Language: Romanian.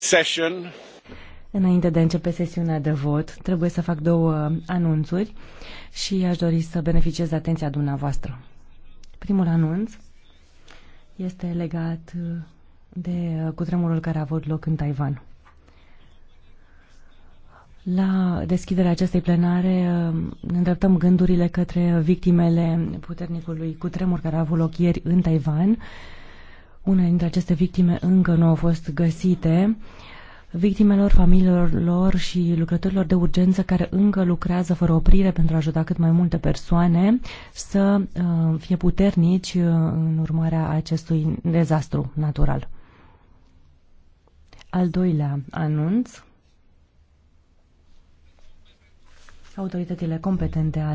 Session. Înainte de a începe sesiunea de vot, trebuie să fac două anunțuri și aș dori să beneficiez atenția dumneavoastră. Primul anunț este legat de cutremurul care a avut loc în Taiwan. La deschiderea acestei plenare ne îndreptăm gândurile către victimele puternicului cutremur care a avut loc ieri în Taiwan una dintre aceste victime încă nu au fost găsite. Victimelor, familiilor lor și lucrătorilor de urgență care încă lucrează fără oprire pentru a ajuta cât mai multe persoane să uh, fie puternici uh, în urmarea acestui dezastru natural. Al doilea anunț autoritățile competente